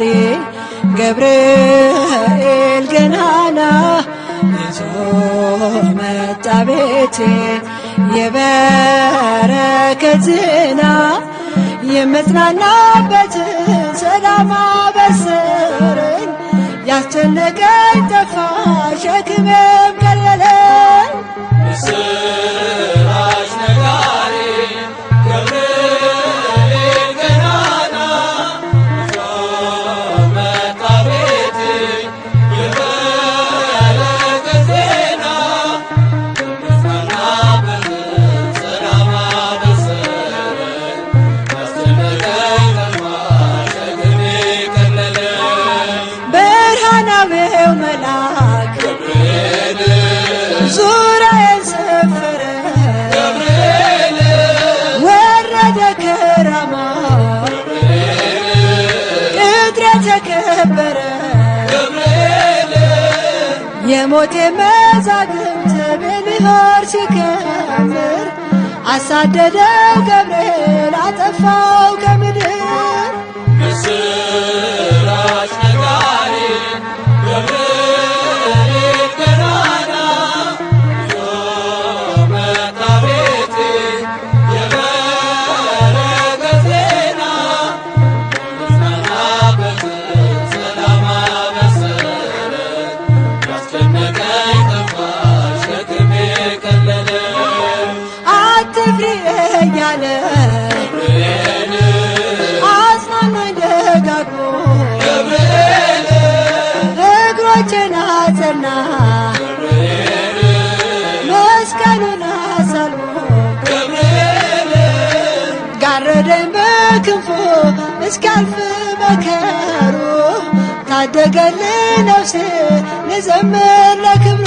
ዛሬ ገብርኤል ገናና ይዞ መጣ ቤቴን የበረከት ዝናብ የምጽናናበትን ሰላም አበሰረኝ። ያስጨነቀኝ ጠፋ ሸክሜም ቀለለ። መልአክ ዙሪያዬን ሰፈረ ወረደ ከራማ ቅጥሬ ተከበረ የሞቴ መዛግብት ብልሆር ሲከምር አሳደደው ገብርኤል አጠፋው ከምድር አጽናናኝ ደጋግሞ እግሮቼን አጸና መስቀሉን አሳልፎ ጋረደኝ በክንፎ እስካልፍ መከሩ ታደገልኝ ነፍሴ ልዘምር ለክብሩ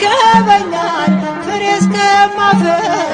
ተንከባከበኛል ፍሬ እስከማፈራ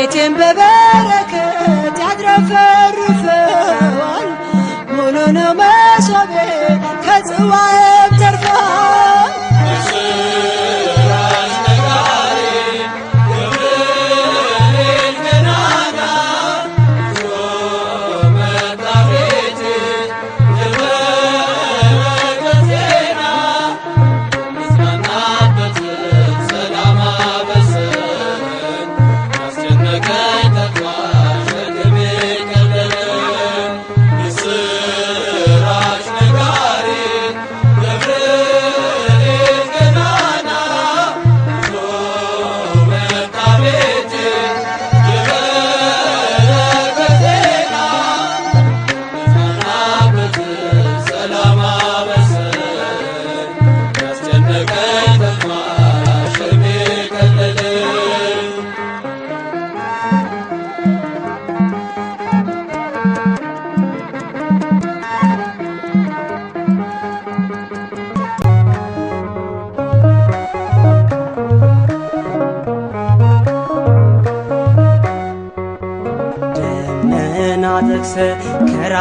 ቤቴን በበረከት ያትረፈርፈዋል። ሙሉ ነው መሶቤ ከጽዋዬም ተርፏል።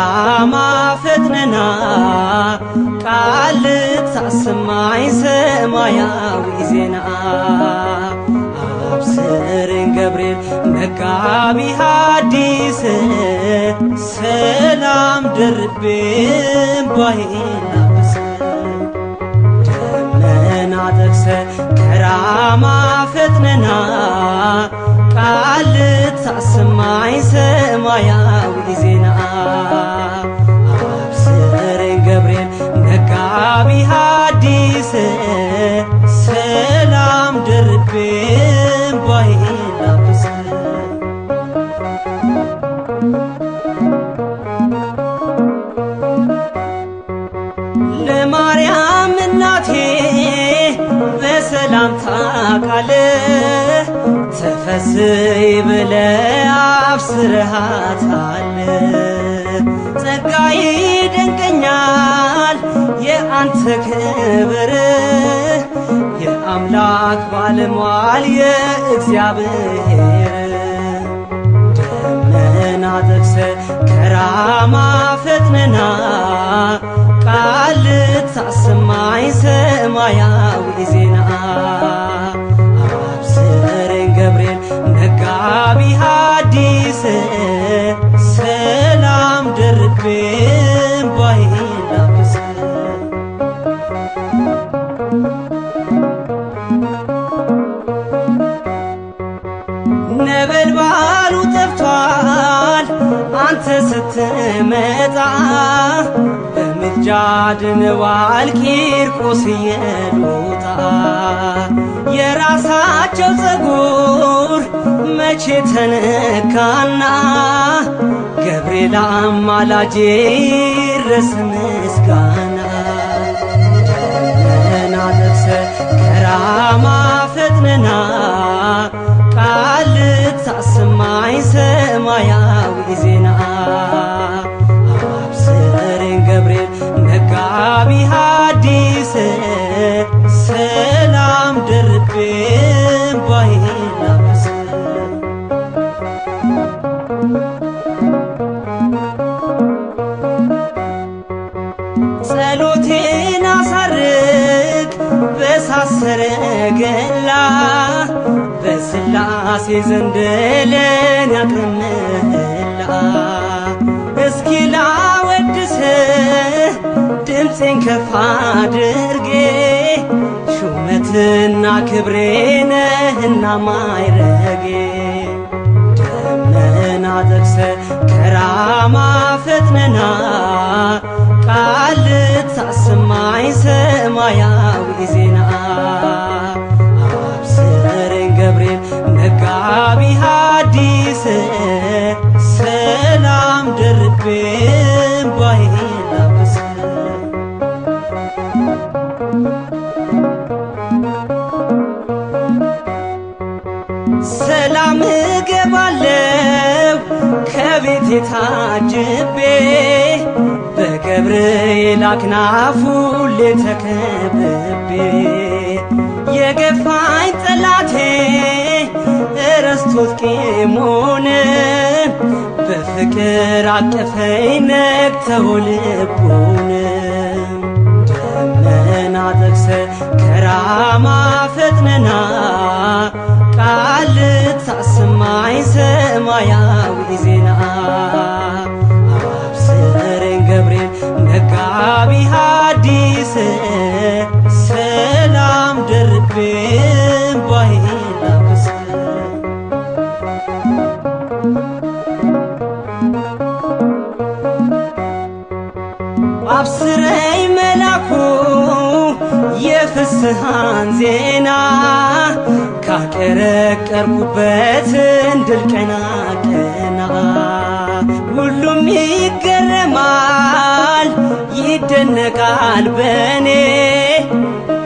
አዳማ ፈትንና ቃል ታስማይ ሰማያዊ ዜና አብስርን ገብርኤል መጋቢ ሐዲስ ሰላም ደርቤ ባይላብስ ደመና ጠቅሰ ከራማ ፈትንና ልታሰማኝ ሰማያዊ ዜና አብስር ገብርኤል መጋቢሃ ስርሃት አለ ጸጋ ይደንቀኛል የአንተ ክብር የአምላክ ባለሟል የእግዚአብሔር ደመና ጠቅሰ ከራማ ፈጥነና ቃል ልታሰማኝ ሰማያዊ ዜና ነበልባሉ ጠፍቷል አንተ ስትመጣ በምልጃ ድንዋል ቂርቆስ ኢየሉጣ የራሳቸው ጸጉር መቼ ተነካና ገብርኤል አማላጄ ይድረስ ምስጋና ና ለብሰ ከራማ ፈጥነና ሰማይ ሰማያዊ ዜና አብስርን ገብርኤል መጋቢ ሐዲስ ውዳሴ ዘንደለን ያቅርምላ እስኪ ላወድስህ ድምፄን ከፍ አድርጌ ሹመትና ክብሬ ነህና ማይረጌ ደመና ጠቅሰ ከራማ በፊት ታጅቤ በገብርኤል አክናፉ ተከብቤ የገፋኝ ጠላቴ እረስቶት ቂሙን በፍቅር አቀፈኝ ነግተው ልቡን ደመና ጠቅሰ ከራማ ፈጥነና He's in di sinaan. የፍስሐን ዜና ካቀረቀርኩበት እንድል ቀና ቀና ሁሉም ይገረማል ይደነቃል በእኔ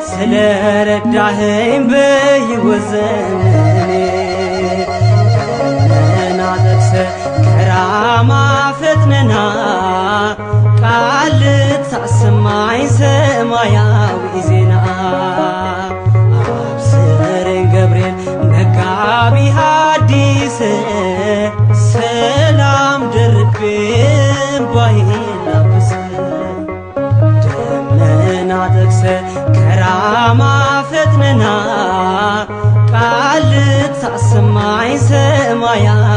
ስለረዳኸኝ በይወዘን እምባዬን አብሰህ ደመና ጠቅሰህ ከራማ ፈጥነና ቃል ልታሰማኝ ሰማያ